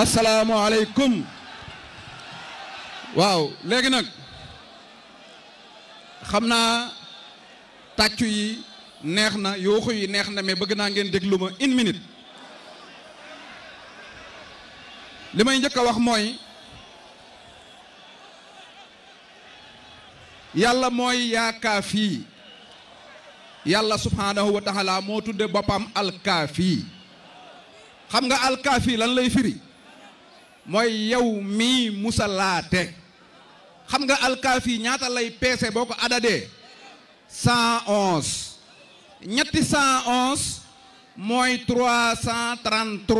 asalaamualeykum waaw léegi nag xam naa tàccu yi neex na yooxu yi neex na mais bëgg naa ngeen déglu ma une minute li may njëkk a wax mooy yàlla mooy yaakaafi yàlla subhaanahu wa moo tudde boppam alkaafi xam nga alkaafi lan lay firi mooy yow mii musalaate xam nga alkaafi ñaata lay peese boo ko adadee cent ñetti cent onze mooy trois cent trente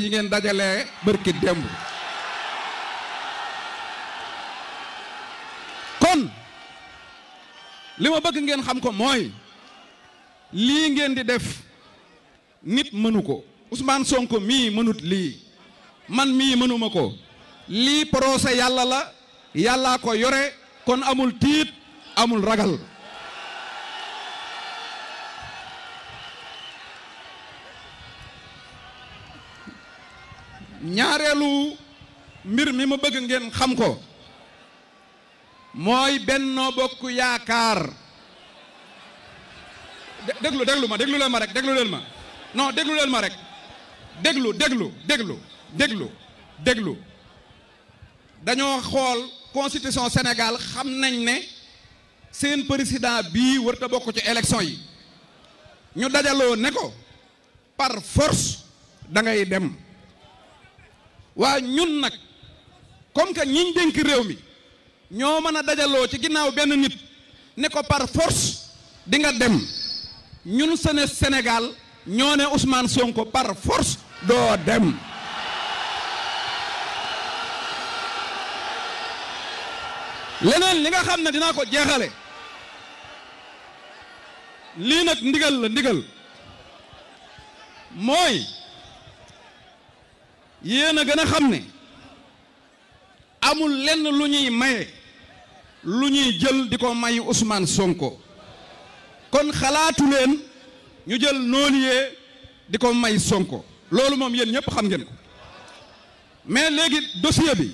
yi ngeen dajale bërki démb kon li ma bëgg ngeen xam ko mooy lii ngeen di def nit mënu ko Ousmane Sonko mii mënut lii man mii mënuma ko lii procès yàlla la yàllaa ko yore kon amul tiit amul ragal ñaareelu mbir mi ma bëgg ngeen xam ko mooy Benno Bokk Yaakaar déglu déglu ma déglu leen ma rek déglu ma noo déglu ma rek déglu déglu déglu déglu déglu dañoo xool constitution Sénégal xam nañ ne seen président bii wërta bokk ci élection yi ñu dajaloo ne ko par force da ngay dem waa ñun nag comme que ñiñ dénk réew mi ñoo mën a dajaloo ci ginnaaw benn nit ne ko par force dinga nga dem ñun sene Sénégal ñoo ne Ousmane Sonko par force doo dem leneen li nga xam ne dinaa ko jeexale lii nag ndigal la ndigal mooy yéen a gën a xam ne amul lenn lu ñuy maye lu ñuy jël di ko may Ousmane Sonko kon xalaatu leen ñu jël noolier di ko may Sonko loolu moom yéen ñëpp xam ngeen ko mais léegi dossier bi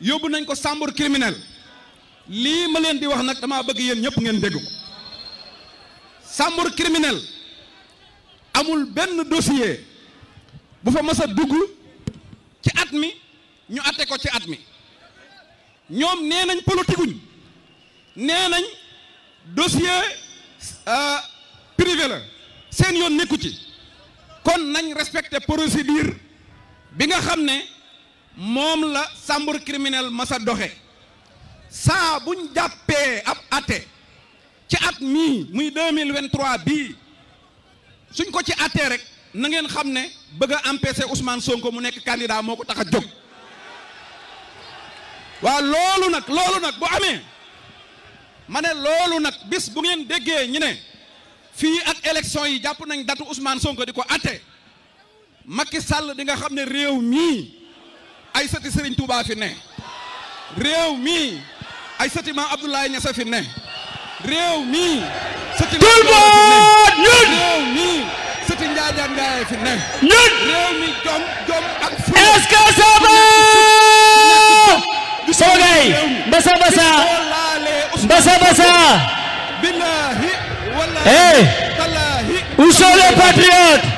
yóbbu nañ ko chambre criminelle lii ma leen di wax nag damaa bëgg yéen ñëpp ngeen dégg ko chambre criminelle amul benn dossier bu fa mës a dugg ci at mi ñu atte ko ci at mi ñoom nee nañ politikuñ nee nañ dossier euh, privé la seen yoon nekku ci kon nañ respecté procédure bi nga xam ne moom la chambre criminelle masa doxe saa buñ jàppee ab atte ci at mii muy 2023 bii suñ ko ci attee rek na ngeen xam ne bëgg a empêcher Ousmane Sonko mu nekk candidat moo ko tax a jóg waaw loolu nag loolu nag bu amee ma ne loolu nag bis bu ngeen déggee ñu ne fii ak élection yi jàpp nañ datu usmaan Sonko di ko atte Macky Sall di nga xam ne réew mii ay sëti Serigne Touba fi ne réew mii ay sëti maam Abdoulaye Niass fi ne réew mi jom jom ak fu est-ce que ça va soogay basa basa basa basa